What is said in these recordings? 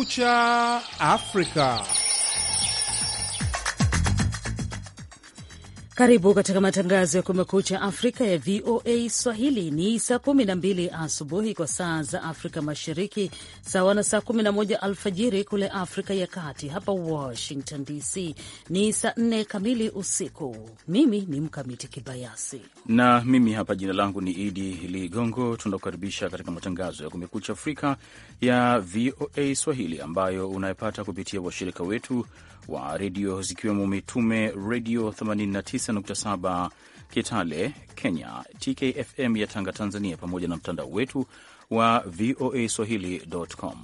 Kumekucha Afrika. Karibu katika matangazo ya Kumekucha Afrika ya VOA Swahili. Ni saa 12 asubuhi kwa saa za Afrika Mashariki, sawa na saa 11 alfajiri kule Afrika ya Kati. Hapa Washington DC ni saa 4 kamili usiku. Mimi ni Mkamiti Kibayasi na mimi hapa jina langu ni Idi Ligongo. Tunakukaribisha katika matangazo ya Kumekucha Afrika ya VOA Swahili ambayo unayepata kupitia washirika wetu wa redio zikiwemo Mitume Redio 89.7 Kitale Kenya, TKFM ya Tanga Tanzania, pamoja na mtandao wetu wa VOA swahili.com.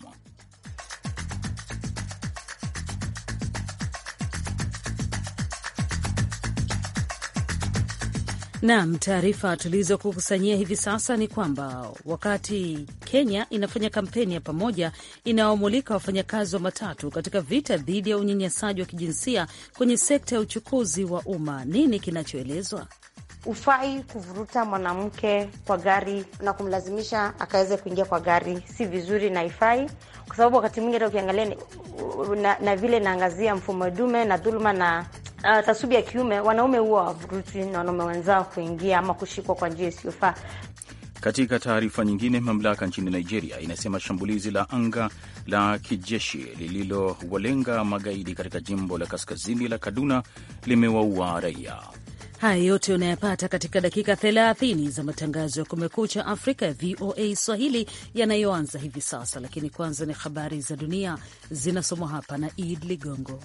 Nam, taarifa tulizokukusanyia hivi sasa ni kwamba wakati Kenya inafanya kampeni ya pamoja inayomulika wafanyakazi wa matatu katika vita dhidi ya unyanyasaji wa kijinsia kwenye sekta ya uchukuzi wa umma, nini kinachoelezwa? Ufai kuvuruta mwanamke kwa gari na kumlazimisha akaweze kuingia kwa gari, si vizuri na ifai, kwa sababu wakati mwingi hata ukiangalia na, na vile naangazia mfumo dume na dhuluma na uh, tasubi ya kiume, wanaume huwa wavuruti na wanaume wenzao kuingia ama kushikwa kwa njia isiyofaa. Katika taarifa nyingine, mamlaka nchini Nigeria inasema shambulizi la anga la kijeshi lililowalenga magaidi katika jimbo la kaskazini la Kaduna limewaua raia. Haya yote unayapata katika dakika 30 za matangazo ya Kumekucha Afrika ya VOA Swahili yanayoanza hivi sasa, lakini kwanza ni habari za dunia zinasomwa hapa na Id Ligongo.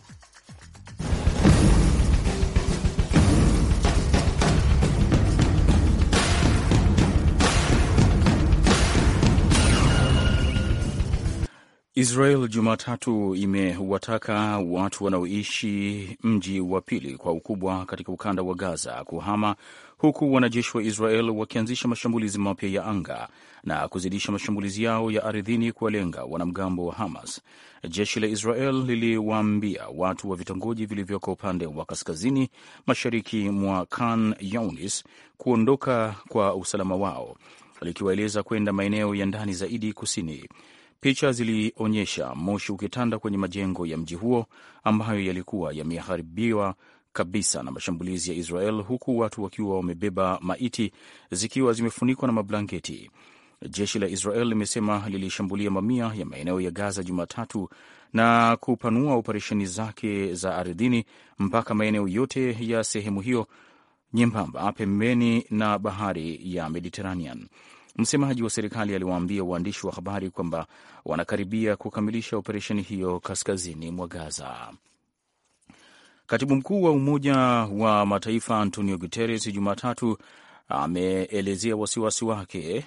Israel Jumatatu imewataka watu wanaoishi mji wa pili kwa ukubwa katika ukanda wa Gaza kuhama huku wanajeshi wa Israel wakianzisha mashambulizi mapya ya anga na kuzidisha mashambulizi yao ya ardhini kuwalenga wanamgambo wa Hamas. Jeshi la Israel liliwaambia watu wa vitongoji vilivyoko upande wa kaskazini mashariki mwa Khan Younis kuondoka kwa usalama wao, likiwaeleza kwenda maeneo ya ndani zaidi kusini. Picha zilionyesha moshi ukitanda kwenye majengo ya mji huo ambayo yalikuwa yameharibiwa kabisa na mashambulizi ya Israel, huku watu wakiwa wamebeba maiti zikiwa zimefunikwa na mablanketi. Jeshi la Israel limesema lilishambulia mamia ya maeneo ya Gaza Jumatatu na kupanua operesheni zake za ardhini mpaka maeneo yote ya sehemu hiyo nyembamba pembeni na bahari ya Mediterranean. Msemaji wa serikali aliwaambia waandishi wa habari kwamba wanakaribia kukamilisha operesheni hiyo kaskazini mwa Gaza. Katibu mkuu wa Umoja wa Mataifa Antonio Guterres Jumatatu ameelezea wasiwasi wake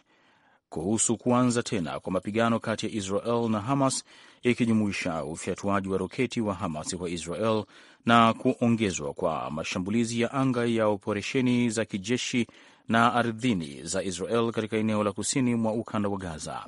kuhusu kuanza tena kwa mapigano kati ya Israel na Hamas ikijumuisha ufyatuaji wa roketi wa Hamas kwa Israel na kuongezwa kwa mashambulizi ya anga ya operesheni za kijeshi na ardhini za Israel katika eneo la kusini mwa ukanda wa Gaza.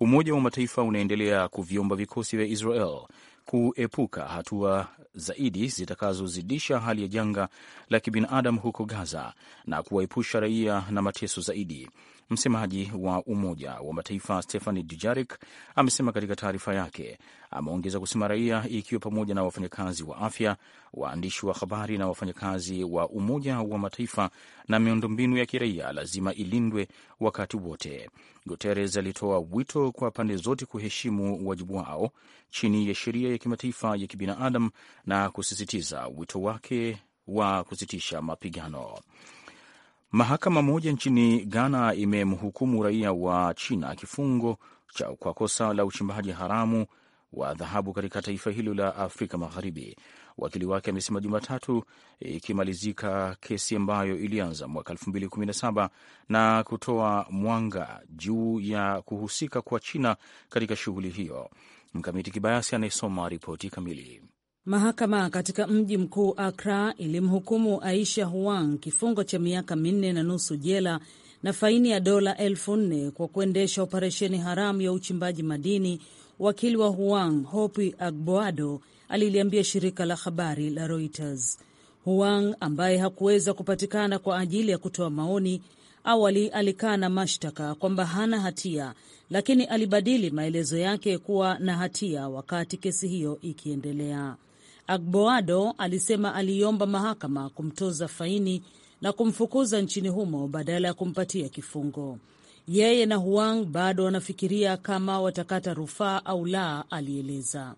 Umoja wa Mataifa unaendelea kuviomba vikosi vya Israel kuepuka hatua zaidi zitakazozidisha hali ya janga la kibinadamu huko Gaza na kuwaepusha raia na mateso zaidi. Msemaji wa Umoja wa Mataifa stephani Dujarik amesema katika taarifa yake. Ameongeza kusema raia, ikiwa pamoja na wafanyakazi wa afya, waandishi wa habari na wafanyakazi wa Umoja wa Mataifa na miundombinu ya kiraia lazima ilindwe wakati wote. Guterres alitoa wito kwa pande zote kuheshimu wajibu wao chini ya sheria ya kimataifa ya kibinadamu na kusisitiza wito wake wa kusitisha mapigano. Mahakama moja nchini Ghana imemhukumu raia wa China kifungo cha kwa kosa la uchimbaji haramu wa dhahabu katika taifa hilo la Afrika Magharibi. Wakili wake amesema Jumatatu ikimalizika kesi ambayo ilianza mwaka 2017 na kutoa mwanga juu ya kuhusika kwa China katika shughuli hiyo. Mkamiti Kibayasi anayesoma ripoti kamili. Mahakama katika mji mkuu acra ilimhukumu Aisha Huang kifungo cha miaka minne na nusu jela na faini ya dola elfu nne kwa kuendesha operesheni haramu ya uchimbaji madini. Wakili wa Huang, Hopi Agboado, aliliambia shirika la habari la Reuters. Huang ambaye hakuweza kupatikana kwa ajili ya kutoa maoni Awali alikaa na mashtaka kwamba hana hatia, lakini alibadili maelezo yake kuwa na hatia wakati kesi hiyo ikiendelea. Agboado alisema aliiomba mahakama kumtoza faini na kumfukuza nchini humo badala ya kumpatia kifungo. Yeye na Huang bado wanafikiria kama watakata rufaa au la, alieleza.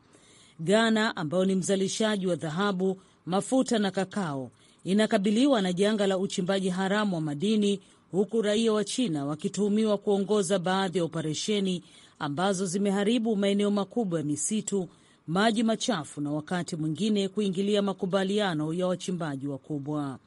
Ghana ambayo ni mzalishaji wa dhahabu, mafuta na kakao inakabiliwa na janga la uchimbaji haramu wa madini huku raia wa China wakituhumiwa kuongoza baadhi ya operesheni ambazo zimeharibu maeneo makubwa ya misitu maji machafu na wakati mwingine kuingilia makubaliano ya wachimbaji wakubwa.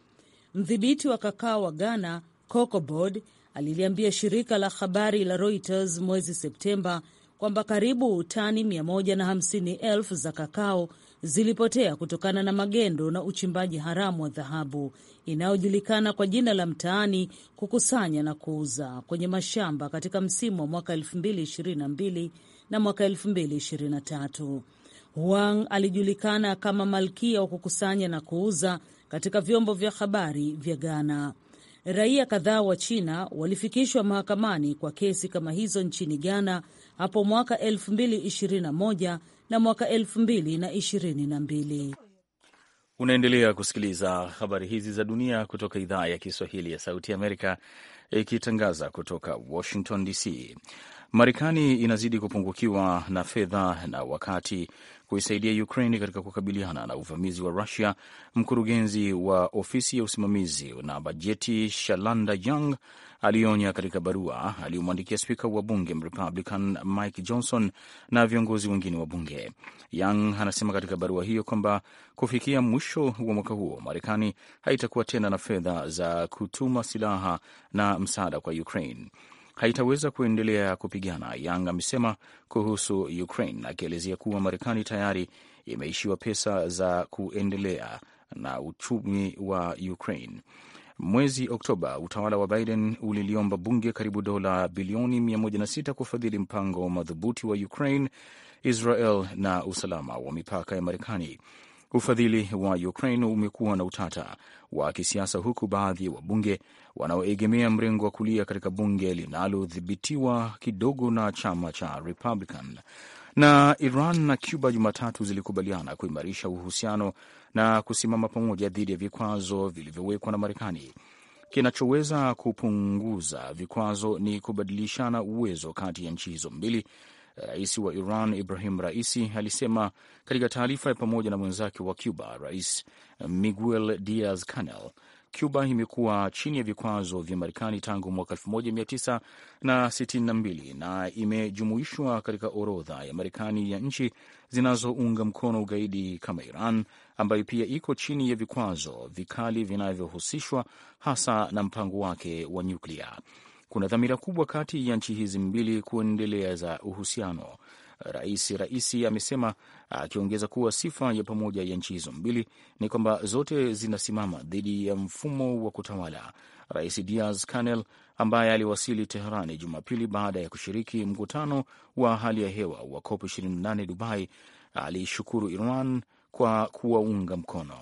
Mdhibiti wa kakao wa Ghana, Cocobod, aliliambia shirika la habari la Reuters mwezi Septemba kwamba karibu tani 150,000 za kakao zilipotea kutokana na magendo na uchimbaji haramu wa dhahabu inayojulikana kwa jina la mtaani kukusanya na kuuza kwenye mashamba katika msimu wa mwaka 2022 na mwaka 2023. Huang alijulikana kama malkia wa kukusanya na kuuza katika vyombo vya habari vya Ghana. Raia kadhaa wa China walifikishwa mahakamani kwa kesi kama hizo nchini Ghana hapo mwaka 2021 na mwaka 2022. Unaendelea kusikiliza habari hizi za dunia kutoka idhaa ya Kiswahili ya Sauti ya Amerika, ikitangaza kutoka Washington DC. Marekani inazidi kupungukiwa na fedha na wakati kuisaidia Ukraine katika kukabiliana na uvamizi wa Rusia. Mkurugenzi wa ofisi ya usimamizi na bajeti Shalanda Young alionya katika barua aliyomwandikia spika wa bunge Mrepublican Mike Johnson na viongozi wengine wa bunge. Young anasema katika barua hiyo kwamba kufikia mwisho wa mwaka huo Marekani haitakuwa tena na fedha za kutuma silaha na msaada kwa Ukraine haitaweza kuendelea kupigana, Yang amesema kuhusu Ukraine, akielezea kuwa Marekani tayari imeishiwa pesa za kuendelea na uchumi wa Ukraine. Mwezi Oktoba, utawala wa Biden uliliomba bunge karibu dola bilioni 106 kufadhili mpango madhubuti wa Ukraine, Israel na usalama wa mipaka ya Marekani. Ufadhili wa Ukraine umekuwa na utata wa kisiasa, huku baadhi ya wabunge wanaoegemea mrengo wa kulia katika bunge linalodhibitiwa kidogo na chama cha Republican na Iran na Cuba Jumatatu zilikubaliana kuimarisha uhusiano na kusimama pamoja dhidi ya vikwazo vilivyowekwa na Marekani. Kinachoweza kupunguza vikwazo ni kubadilishana uwezo kati ya nchi hizo mbili Rais wa Iran Ibrahim Raisi alisema katika taarifa ya pamoja na mwenzake wa Cuba Rais Miguel Diaz Canel, Cuba imekuwa chini ya vikwazo vya Marekani tangu mwaka 1962 na imejumuishwa katika orodha ya Marekani ya nchi zinazounga mkono ugaidi kama Iran, ambayo pia iko chini ya vikwazo vikali vinavyohusishwa hasa na mpango wake wa nyuklia kuna dhamira kubwa kati ya nchi hizi mbili kuendeleza uhusiano, Rais Raisi amesema, akiongeza kuwa sifa ya pamoja ya nchi hizo mbili ni kwamba zote zinasimama dhidi ya mfumo wa kutawala. Rais Diaz Canel ambaye aliwasili Teherani Jumapili baada ya kushiriki mkutano wa hali ya hewa wa COP 28 Dubai aliishukuru Iran kwa kuwaunga mkono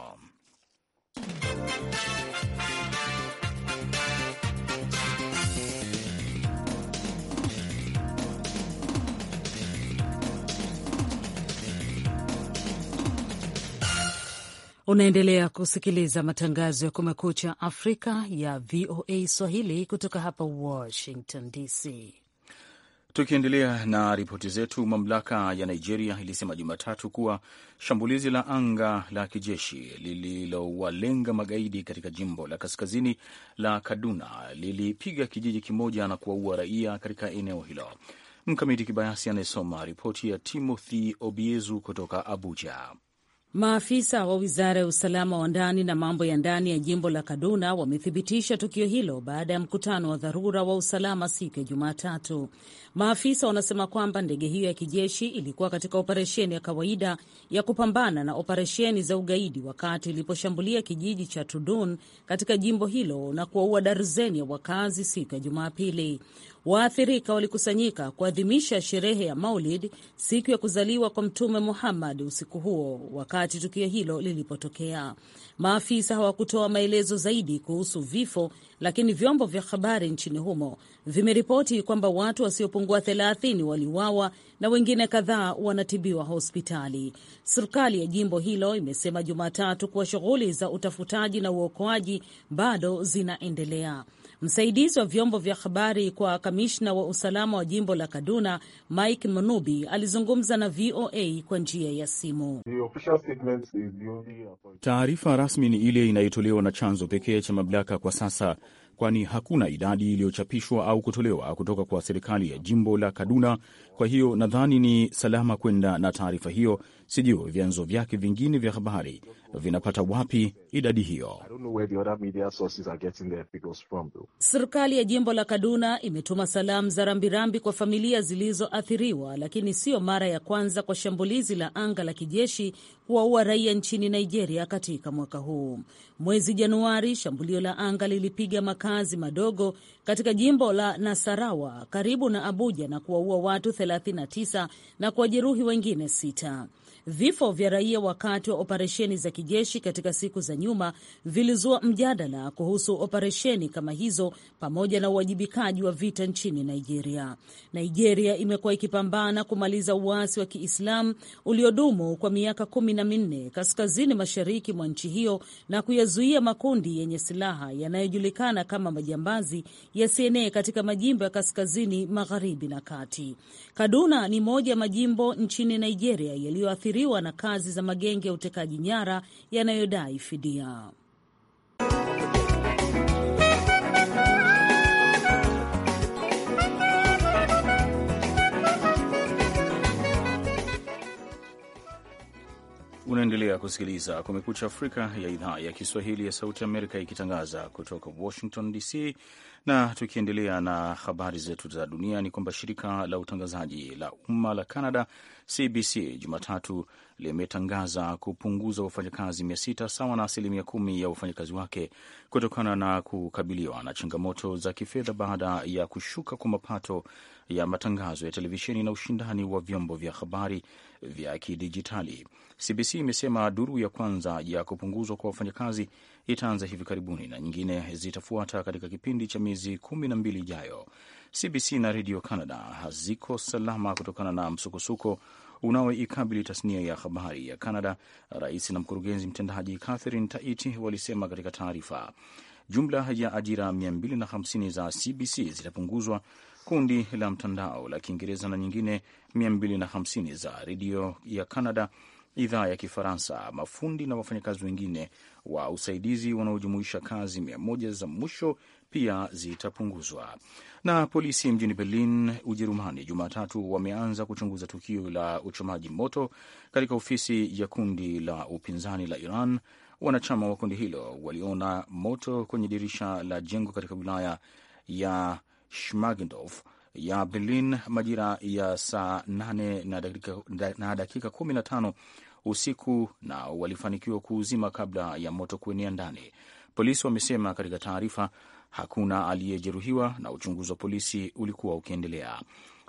Unaendelea kusikiliza matangazo ya Kumekucha Afrika ya VOA Swahili kutoka hapa Washington DC. Tukiendelea na ripoti zetu, mamlaka ya Nigeria ilisema Jumatatu kuwa shambulizi la anga la kijeshi lililowalenga magaidi katika jimbo la kaskazini la Kaduna lilipiga kijiji kimoja na kuwaua raia katika eneo hilo. Mkamiti Kibayasi anayesoma ripoti ya Timothy Obiezu kutoka Abuja. Maafisa wa wizara ya usalama wa ndani na mambo ya ndani ya jimbo la Kaduna wamethibitisha tukio hilo baada ya mkutano wa dharura wa usalama siku ya Jumatatu. Maafisa wanasema kwamba ndege hiyo ya kijeshi ilikuwa katika operesheni ya kawaida ya kupambana na operesheni za ugaidi wakati iliposhambulia kijiji cha Tudun katika jimbo hilo na kuwaua darzeni ya wakazi siku ya Jumapili. Waathirika walikusanyika kuadhimisha sherehe ya Maulid, siku ya kuzaliwa kwa Mtume Muhammad, usiku huo wakati tukio hilo lilipotokea. Maafisa hawakutoa maelezo zaidi kuhusu vifo, lakini vyombo vya habari nchini humo vimeripoti kwamba watu wasiopungua thelathini waliuawa na wengine kadhaa wanatibiwa hospitali. Serikali ya jimbo hilo imesema Jumatatu kuwa shughuli za utafutaji na uokoaji bado zinaendelea. Msaidizi wa vyombo vya habari kwa kamishna wa usalama wa jimbo la Kaduna, Mike mnubi alizungumza na VOA kwa njia ya simu. Taarifa rasmi ni ile inayotolewa na chanzo pekee cha mamlaka kwa sasa, kwani hakuna idadi iliyochapishwa au kutolewa kutoka kwa serikali ya jimbo la Kaduna kwa hiyo nadhani ni salama kwenda na taarifa hiyo. Sijui vyanzo vyake vingine vya habari vinapata wapi idadi hiyo. Serikali ya jimbo la Kaduna imetuma salamu za rambirambi kwa familia zilizoathiriwa, lakini siyo mara ya kwanza kwa shambulizi la anga la kijeshi kuwaua raia nchini Nigeria katika mwaka huu. Mwezi Januari, shambulio la anga lilipiga makazi madogo katika jimbo la Nasarawa karibu na Abuja na kuwaua watu 39 na kuwajeruhi wengine sita. Vifo vya raia wakati wa operesheni za kijeshi katika siku za nyuma vilizua mjadala kuhusu operesheni kama hizo pamoja na uwajibikaji wa vita nchini Nigeria. Nigeria imekuwa ikipambana kumaliza uasi wa Kiislamu uliodumu kwa miaka kumi na minne kaskazini mashariki mwa nchi hiyo na kuyazuia makundi yenye silaha yanayojulikana kama majambazi yasienee katika majimbo ya kaskazini, magharibi na kati. Kaduna ni moja ya majimbo nchini Nigeria yaliyoathiri kuathiriwa na kazi za magenge ya utekaji nyara yanayodai fidia. Unaendelea kusikiliza Kumekucha Afrika ya idhaa ya Kiswahili ya Sauti Amerika ikitangaza kutoka Washington DC. Na tukiendelea na habari zetu za dunia, ni kwamba shirika la utangazaji la umma la Canada CBC Jumatatu limetangaza kupunguza wafanyakazi mia sita sawa na asilimia kumi ya wafanyakazi wake kutokana na kukabiliwa na changamoto za kifedha baada ya kushuka kwa mapato ya matangazo ya televisheni na ushindani wa vyombo vya habari vya kidijitali. CBC imesema duru ya kwanza ya kupunguzwa kwa wafanyakazi itaanza hivi karibuni na nyingine zitafuata katika kipindi cha miezi kumi na mbili ijayo. CBC na Radio Canada haziko salama kutokana na msukosuko unaoikabili tasnia ya habari ya Canada, rais na mkurugenzi mtendaji Catherine Taiti walisema katika taarifa. Jumla ya ajira 250 za CBC zitapunguzwa. Kundi la mtandao la Kiingereza na nyingine 250 za redio ya Canada, idhaa ya Kifaransa, mafundi na wafanyakazi wengine wa usaidizi wanaojumuisha kazi mia moja za mwisho pia zitapunguzwa. Na polisi mjini Berlin, Ujerumani, Jumatatu wameanza kuchunguza tukio la uchomaji moto katika ofisi ya kundi la upinzani la Iran. Wanachama wa kundi hilo waliona moto kwenye dirisha la jengo katika wilaya ya Schmargendorf ya Berlin majira ya saa 8 na dakika, na tano usiku na walifanikiwa kuuzima kabla ya moto kuenea ndani, polisi wamesema katika taarifa hakuna aliyejeruhiwa na uchunguzi wa polisi ulikuwa ukiendelea.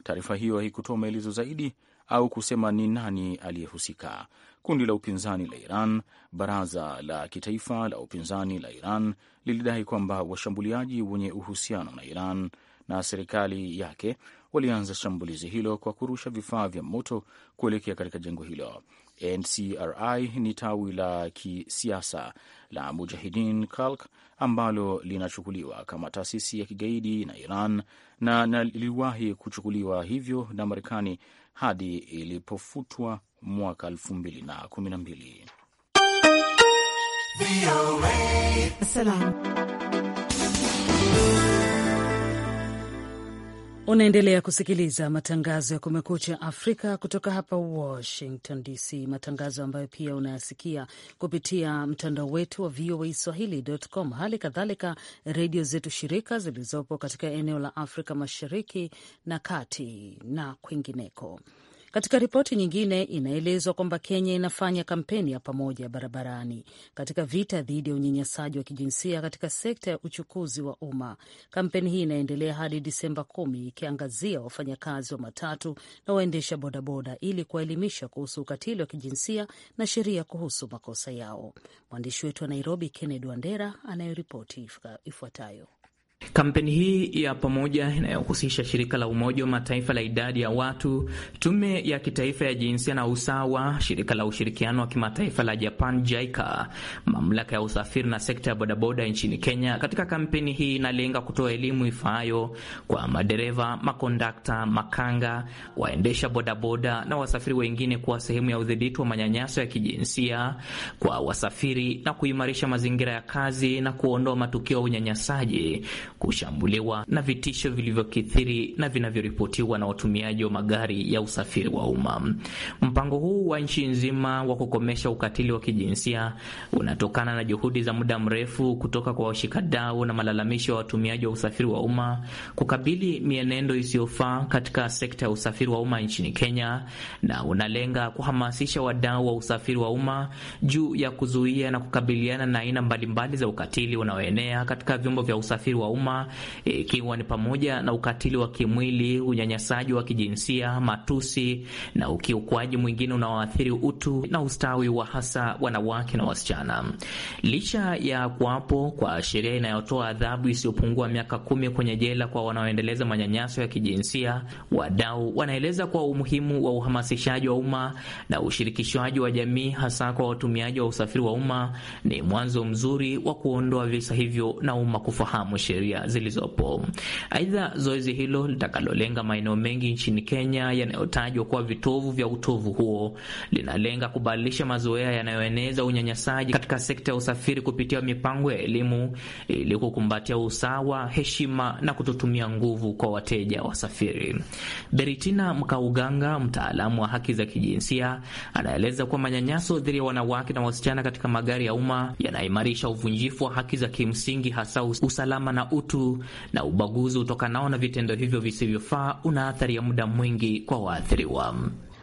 Taarifa hiyo haikutoa maelezo zaidi au kusema ni nani aliyehusika. Kundi la upinzani la Iran, Baraza la Kitaifa la Upinzani la Iran, lilidai kwamba washambuliaji wenye uhusiano na Iran na serikali yake walianza shambulizi hilo kwa kurusha vifaa vya moto kuelekea katika jengo hilo. NCRI ni tawi la kisiasa la Mujahidin Khalq ambalo linachukuliwa kama taasisi ya kigaidi na Iran na naliwahi kuchukuliwa hivyo na Marekani hadi ilipofutwa mwaka 2012. Salam. Unaendelea kusikiliza matangazo ya Kumekucha Afrika kutoka hapa Washington DC, matangazo ambayo pia unayasikia kupitia mtandao wetu wa VOA Swahili.com, hali kadhalika redio zetu shirika zilizopo katika eneo la Afrika Mashariki na Kati na kwingineko. Katika ripoti nyingine, inaelezwa kwamba Kenya inafanya kampeni ya pamoja barabarani katika vita dhidi ya unyanyasaji wa kijinsia katika sekta ya uchukuzi wa umma. Kampeni hii inaendelea hadi Disemba kumi, ikiangazia wafanyakazi wa matatu na waendesha bodaboda ili kuwaelimisha kuhusu ukatili wa kijinsia na sheria kuhusu makosa yao. Mwandishi wetu wa Nairobi, Kennedy Wandera, anayoripoti ifuatayo. Kampeni hii ya pamoja inayohusisha shirika la Umoja wa Mataifa la idadi ya watu, tume ya kitaifa ya jinsia na usawa, shirika la ushirikiano wa kimataifa la Japan JICA, mamlaka ya usafiri na sekta ya bodaboda nchini Kenya. Katika kampeni hii inalenga kutoa elimu ifaayo kwa madereva, makondakta, makanga, waendesha bodaboda na wasafiri wengine kuwa sehemu ya udhibiti wa manyanyaso ya kijinsia kwa wasafiri na kuimarisha mazingira ya kazi na kuondoa matukio ya unyanyasaji kushambuliwa na vitisho vilivyokithiri na vinavyoripotiwa na watumiaji wa magari ya usafiri wa umma. Mpango huu wa nchi nzima wa kukomesha ukatili wa kijinsia unatokana na juhudi za muda mrefu kutoka kwa washikadau na malalamisho ya watumiaji wa usafiri wa umma kukabili mienendo isiyofaa katika sekta ya usafiri wa umma nchini Kenya, na unalenga kuhamasisha wadau wa usafiri wa umma juu ya kuzuia na kukabiliana na aina mbalimbali za ukatili unaoenea katika vyombo vya usafiri wa umma umma, e, ikiwa ni pamoja na ukatili wa kimwili, unyanyasaji wa kijinsia, matusi na ukiukwaji mwingine unaoathiri utu na ustawi wa hasa wanawake na wasichana. Licha ya kuwapo kwa sheria inayotoa adhabu isiyopungua miaka kumi kwenye jela kwa wanaoendeleza manyanyaso ya kijinsia, wadau wanaeleza kwa umuhimu wa uhamasishaji wa umma na ushirikishwaji wa jamii, hasa kwa watumiaji wa usafiri wa umma, ni mwanzo mzuri wa kuondoa visa hivyo na umma kufahamu sheria sheria zilizopo. Aidha, zoezi hilo litakalolenga maeneo mengi nchini Kenya yanayotajwa kuwa vitovu vya utovu huo linalenga kubadilisha mazoea yanayoeneza unyanyasaji katika sekta ya usafiri kupitia mipango ya elimu ili kukumbatia usawa, heshima na kutotumia nguvu kwa wateja wasafiri. Beritina Mkauganga, mtaalamu wa haki za kijinsia, anaeleza kuwa manyanyaso dhidi ya wanawake na wasichana katika magari ya umma yanaimarisha uvunjifu wa haki za kimsingi, hasa usalama na utu utu na ubaguzi utokanao na vitendo hivyo visivyofaa una athari ya muda mwingi kwa waathiriwa.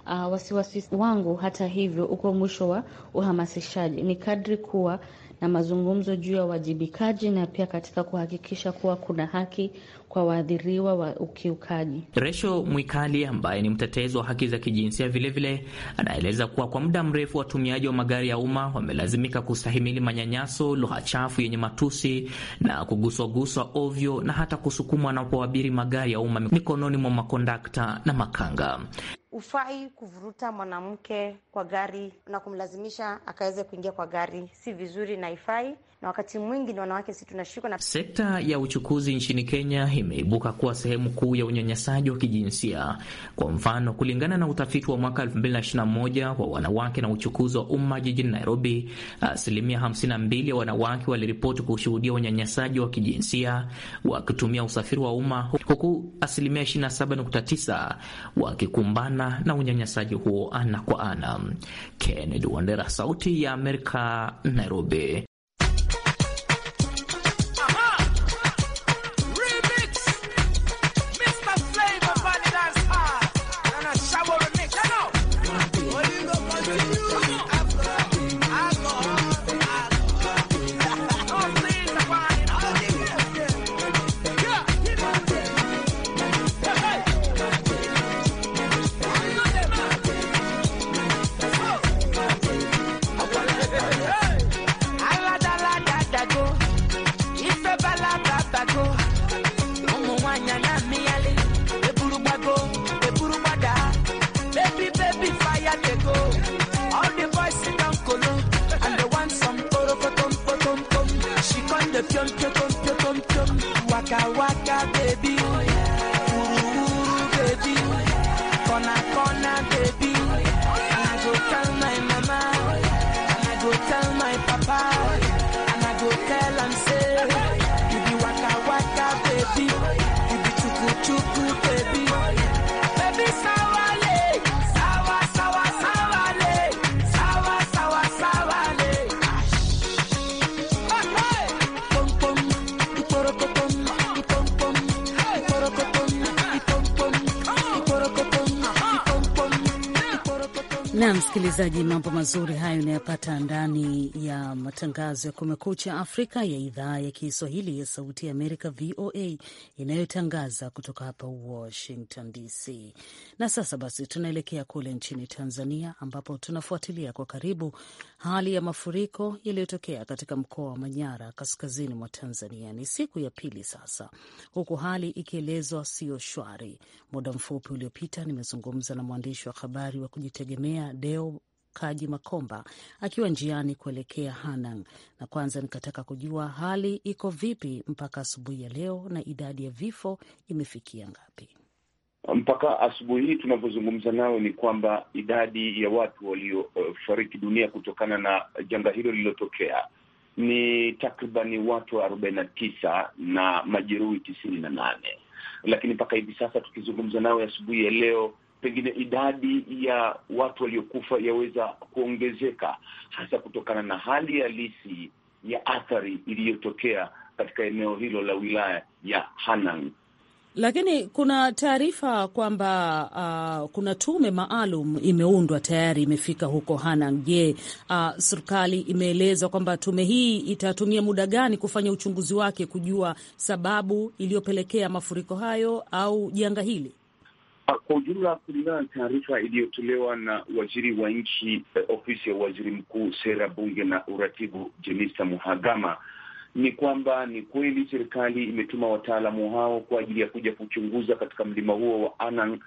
Uh, wasiwasi wangu hata hivyo uko mwisho wa uhamasishaji ni kadri kuwa na mazungumzo juu ya uwajibikaji na pia katika kuhakikisha kuwa kuna haki kwa waathiriwa wa ukiukaji. Resho Mwikali ambaye ni mtetezi wa haki za kijinsia vilevile anaeleza kuwa kwa muda mrefu watumiaji wa magari ya umma wamelazimika kustahimili manyanyaso, lugha chafu yenye matusi na kuguswaguswa ovyo na hata kusukumwa wanapoabiri magari ya umma mikononi mwa makondakta na makanga. Ufai kuvuruta mwanamke kwa gari na kumlazimisha akaweze kuingia kwa gari, si vizuri na ifai na wakati mwingi ni wanawake si tunashikwa na... Sekta ya uchukuzi nchini Kenya imeibuka kuwa sehemu kuu ya unyanyasaji wa kijinsia. Kwa mfano, kulingana na utafiti wa mwaka 2021 wa wanawake na uchukuzi wa umma jijini Nairobi, asilimia 52 ya wanawake waliripoti kushuhudia unyanyasaji wa kijinsia wakitumia usafiri wa umma, huku asilimia 27.9 wakikumbana na unyanyasaji huo ana kwa ana. Kennedy Wandera, Sauti ya Amerika, Nairobi. Mambo mazuri hayo unayapata ndani ya matangazo ya Kumekucha Afrika ya idhaa ya Kiswahili ya Sauti ya Amerika, VOA, inayotangaza kutoka hapa Washington DC. Na sasa basi, tunaelekea kule nchini Tanzania, ambapo tunafuatilia kwa karibu hali ya mafuriko yaliyotokea katika mkoa wa Manyara, kaskazini mwa Tanzania. Ni siku ya pili sasa, huku hali ikielezwa sio shwari. Muda mfupi uliopita, nimezungumza na mwandishi wa habari wa kujitegemea Deo Kaji Makomba akiwa njiani kuelekea Hanang, na kwanza nikataka kujua hali iko vipi mpaka asubuhi ya leo na idadi ya vifo imefikia ngapi? Mpaka asubuhi hii tunavyozungumza nawe ni kwamba idadi ya watu waliofariki uh, dunia kutokana na janga hilo lililotokea ni takribani watu arobaini na tisa na majeruhi tisini na nane lakini mpaka hivi sasa tukizungumza nawe asubuhi ya leo pengine idadi ya watu waliokufa yaweza kuongezeka, hasa kutokana na hali halisi ya athari iliyotokea katika eneo hilo la wilaya ya Hanang. Lakini kuna taarifa kwamba uh, kuna tume maalum imeundwa tayari, imefika huko Hanang. Je, uh, serikali imeeleza kwamba tume hii itatumia muda gani kufanya uchunguzi wake kujua sababu iliyopelekea mafuriko hayo au janga hili? Kwa ujumla, kulingana na taarifa iliyotolewa na waziri wa nchi eh, ofisi ya waziri mkuu, sera, bunge na uratibu, Jenista Muhagama, ni kwamba ni kweli serikali imetuma wataalamu hao kwa ajili ya kuja kuchunguza katika mlima huo wa Anang,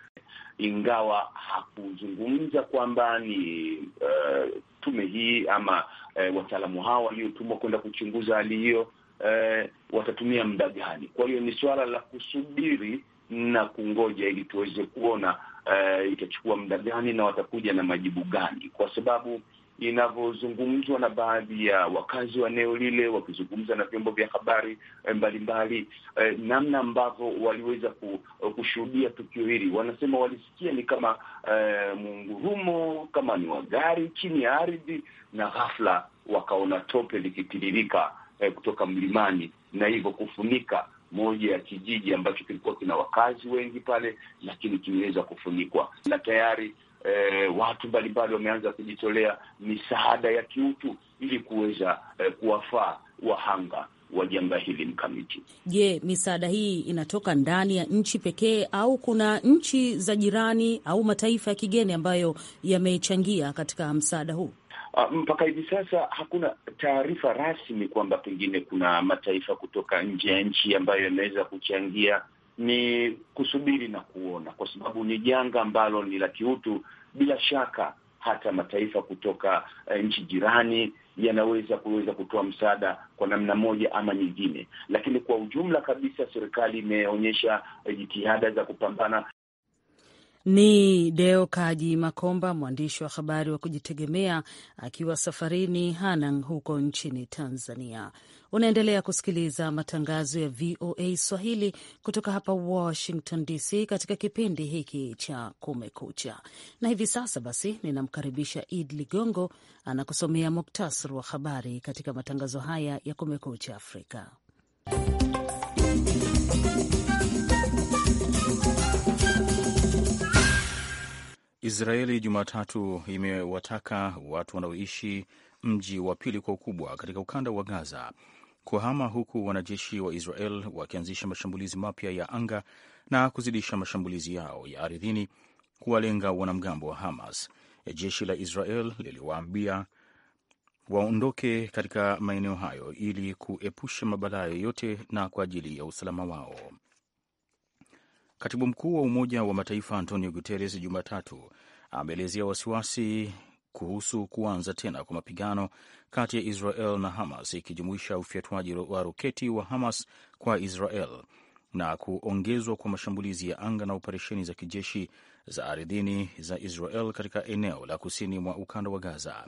ingawa hakuzungumza kwamba ni uh, tume hii ama uh, wataalamu hao waliotumwa kwenda kuchunguza hali hiyo uh, watatumia muda gani. Kwa hiyo ni suala la kusubiri na kungoja ili tuweze kuona uh, itachukua muda gani na watakuja na majibu gani, kwa sababu inavyozungumzwa na baadhi ya wakazi wa eneo lile, wakizungumza na vyombo vya habari eh, mbalimbali, eh, namna ambavyo waliweza eh, kushuhudia tukio hili, wanasema walisikia ni kama eh, mungurumo kama ni wa gari chini ya ardhi, na ghafla wakaona tope likitiririka eh, kutoka mlimani na hivyo kufunika moja ya kijiji ambacho kilikuwa kina wakazi wengi pale, lakini kiliweza kufunikwa na tayari eh, watu mbalimbali wameanza kujitolea misaada ya kiutu ili kuweza eh, kuwafaa wahanga wa janga hili mkamiti. Je, misaada hii inatoka ndani ya nchi pekee au kuna nchi za jirani au mataifa ya kigeni ambayo yamechangia katika msaada huu? Uh, mpaka hivi sasa hakuna taarifa rasmi kwamba pengine kuna mataifa kutoka nje ya nchi ambayo yameweza kuchangia. Ni kusubiri na kuona, kwa sababu ni janga ambalo ni la kiutu. Bila shaka hata mataifa kutoka uh, nchi jirani yanaweza kuweza kutoa msaada kwa namna moja ama nyingine, lakini kwa ujumla kabisa serikali imeonyesha eh, jitihada za kupambana ni Deo Kaji Makomba, mwandishi wa habari wa kujitegemea akiwa safarini Hanang huko nchini Tanzania. Unaendelea kusikiliza matangazo ya VOA Swahili kutoka hapa Washington DC, katika kipindi hiki cha Kumekucha. Na hivi sasa basi, ninamkaribisha Id Ligongo anakusomea muktasari wa habari katika matangazo haya ya Kumekucha Afrika. Israeli Jumatatu imewataka watu wanaoishi mji wa pili kwa ukubwa katika ukanda wa Gaza kuhama huku wanajeshi wa Israel wakianzisha mashambulizi mapya ya anga na kuzidisha mashambulizi yao ya ardhini kuwalenga wanamgambo wa Hamas. Jeshi la Israel liliwaambia waondoke katika maeneo hayo ili kuepusha mabalaa yoyote na kwa ajili ya usalama wao. Katibu mkuu wa Umoja wa Mataifa Antonio Guterres Jumatatu ameelezea wasiwasi kuhusu kuanza tena kwa mapigano kati ya Israel na Hamas, ikijumuisha ufyatuaji wa roketi wa Hamas kwa Israel na kuongezwa kwa mashambulizi ya anga na operesheni za kijeshi za ardhini za Israel katika eneo la kusini mwa ukanda wa Gaza.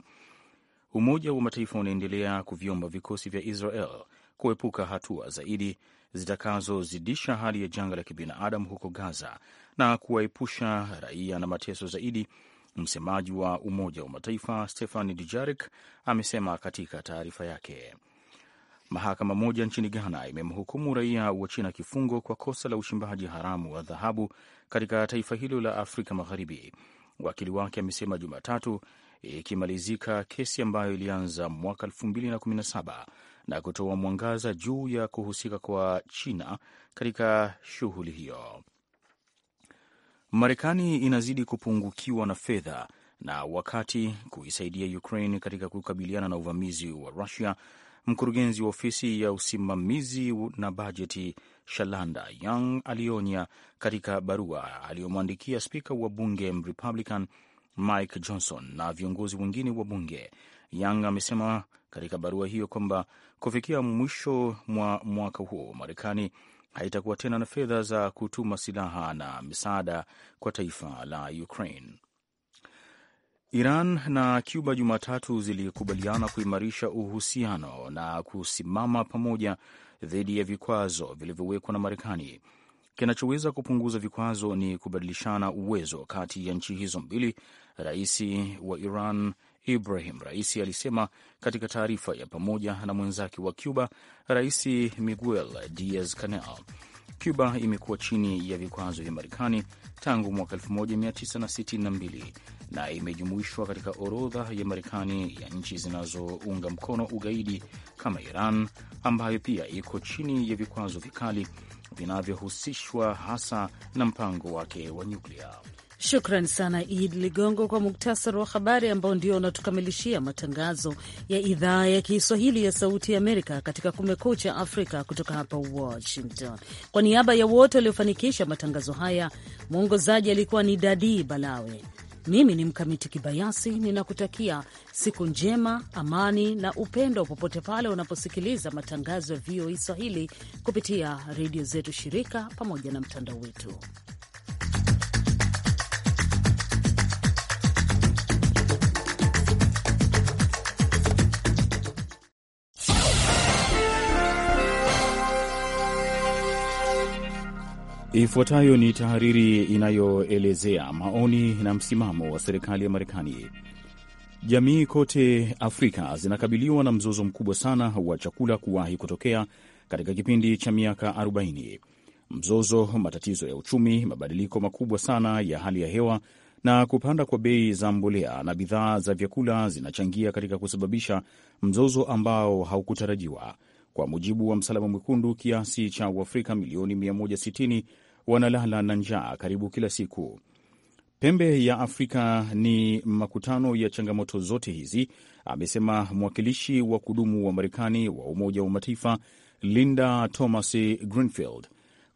Umoja wa Mataifa unaendelea kuviomba vikosi vya Israel kuepuka hatua zaidi zitakazozidisha hali ya janga la kibinadamu huko Gaza na kuwaepusha raia na mateso zaidi. Msemaji wa Umoja wa Mataifa Stephane Dujarric amesema katika taarifa yake. Mahakama moja nchini Ghana imemhukumu raia wa China kifungo kwa kosa la uchimbaji haramu wa dhahabu katika taifa hilo la Afrika Magharibi. Wakili wake amesema Jumatatu, ikimalizika kesi ambayo ilianza mwaka 2017 na kutoa mwangaza juu ya kuhusika kwa China katika shughuli hiyo. Marekani inazidi kupungukiwa na fedha na wakati kuisaidia Ukraine katika kukabiliana na uvamizi wa Rusia. Mkurugenzi wa ofisi ya usimamizi na bajeti Shalanda Young alionya katika barua aliyomwandikia spika wa bunge Mrepublican Mike Johnson na viongozi wengine wa bunge. Young amesema katika barua hiyo kwamba kufikia mwisho mwa mwaka huo Marekani haitakuwa tena na fedha za kutuma silaha na misaada kwa taifa la Ukraine. Iran na Cuba Jumatatu zilikubaliana kuimarisha uhusiano na kusimama pamoja dhidi ya vikwazo vilivyowekwa na Marekani. Kinachoweza kupunguza vikwazo ni kubadilishana uwezo kati ya nchi hizo mbili, rais wa Iran Ibrahim Raisi alisema katika taarifa ya pamoja na mwenzake wa Cuba, Rais Miguel Diaz Canel. Cuba imekuwa chini ya vikwazo vya Marekani tangu mwaka 1962 na imejumuishwa katika orodha ya Marekani ya nchi zinazounga mkono ugaidi kama Iran, ambayo pia iko chini ya vikwazo vikali vinavyohusishwa hasa na mpango wake wa nyuklia. Shukran sana Id Ligongo kwa muktasari wa habari ambao ndio unatukamilishia matangazo ya idhaa ya Kiswahili ya Sauti ya Amerika katika Kumekucha Afrika kutoka hapa Washington. Kwa niaba ya wote waliofanikisha matangazo haya, mwongozaji alikuwa ni Dadi Balawe. Mimi ni Mkamiti Kibayasi, ninakutakia siku njema, amani na upendo popote pale unaposikiliza matangazo ya VOA e Swahili kupitia redio zetu shirika pamoja na mtandao wetu. Ifuatayo ni tahariri inayoelezea maoni na msimamo wa serikali ya Marekani. Jamii kote Afrika zinakabiliwa na mzozo mkubwa sana wa chakula kuwahi kutokea katika kipindi cha miaka 40. Mzozo, matatizo ya uchumi, mabadiliko makubwa sana ya hali ya hewa na kupanda kwa bei za mbolea na bidhaa za vyakula zinachangia katika kusababisha mzozo ambao haukutarajiwa. Kwa mujibu wa Msalaba Mwekundu, kiasi cha Waafrika milioni 160 wanalala na njaa karibu kila siku. Pembe ya Afrika ni makutano ya changamoto zote hizi, amesema mwakilishi wa kudumu wa Marekani wa Umoja wa Mataifa Linda Thomas Greenfield.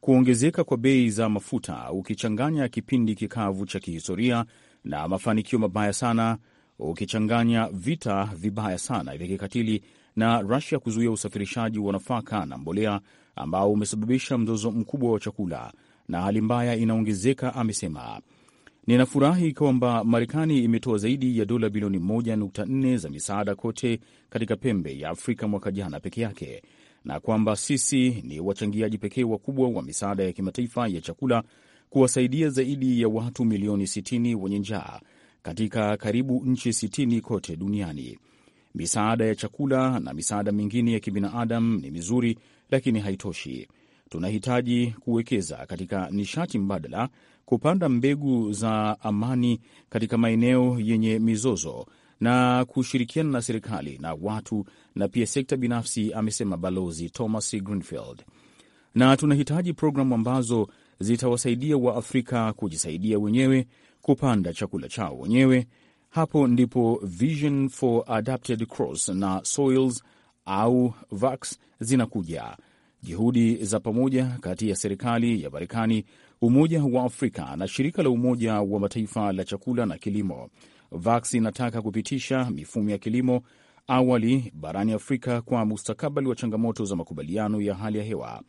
Kuongezeka kwa bei za mafuta ukichanganya kipindi kikavu cha kihistoria na mafanikio mabaya sana, ukichanganya vita vibaya sana vya kikatili na Rusia kuzuia usafirishaji wa nafaka na mbolea ambao umesababisha mzozo mkubwa wa chakula na hali mbaya inaongezeka, amesema. Ninafurahi kwamba Marekani imetoa zaidi ya dola bilioni 1.4 za misaada kote katika pembe ya Afrika mwaka jana peke yake na kwamba sisi ni wachangiaji pekee wakubwa wa misaada ya kimataifa ya chakula kuwasaidia zaidi ya watu milioni 60 wenye njaa katika karibu nchi 60 kote duniani. Misaada ya chakula na misaada mingine ya kibinadamu ni mizuri, lakini haitoshi. Tunahitaji kuwekeza katika nishati mbadala, kupanda mbegu za amani katika maeneo yenye mizozo na kushirikiana na serikali na watu na pia sekta binafsi, amesema Balozi Thomas Greenfield. Na tunahitaji programu ambazo zitawasaidia Waafrika kujisaidia wenyewe, kupanda chakula chao wenyewe hapo ndipo Vision for Adapted Crops na Soils au VAX zinakuja, juhudi za pamoja kati ya serikali ya Marekani, Umoja wa Afrika na shirika la Umoja wa Mataifa la chakula na kilimo. VAX inataka kupitisha mifumo ya kilimo awali barani Afrika kwa mustakabali wa changamoto za makubaliano ya hali ya hewa.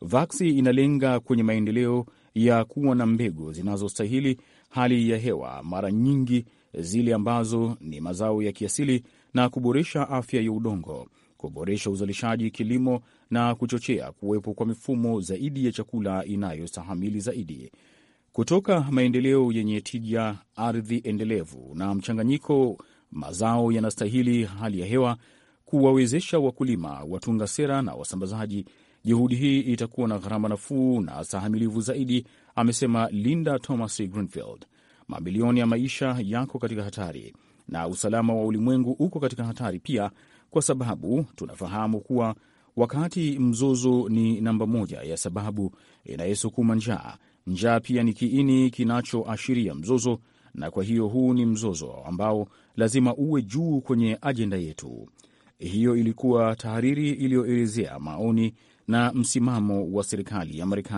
VAX inalenga kwenye maendeleo ya kuwa na mbegu zinazostahili hali ya hewa mara nyingi zile ambazo ni mazao ya kiasili na kuboresha afya ya udongo, kuboresha uzalishaji kilimo na kuchochea kuwepo kwa mifumo zaidi ya chakula inayostahamili zaidi. Kutoka maendeleo yenye tija, ardhi endelevu na mchanganyiko, mazao yanastahili hali ya hewa, kuwawezesha wakulima, watunga sera na wasambazaji. Juhudi hii itakuwa na gharama nafuu na stahamilivu zaidi, amesema Linda Thomas Greenfield, Mabilioni ya maisha yako katika hatari na usalama wa ulimwengu uko katika hatari pia, kwa sababu tunafahamu kuwa wakati mzozo ni namba moja ya sababu inayosukuma njaa, njaa pia ni kiini kinachoashiria mzozo, na kwa hiyo huu ni mzozo ambao lazima uwe juu kwenye ajenda yetu. Hiyo ilikuwa tahariri iliyoelezea maoni na msimamo wa serikali ya Marekani.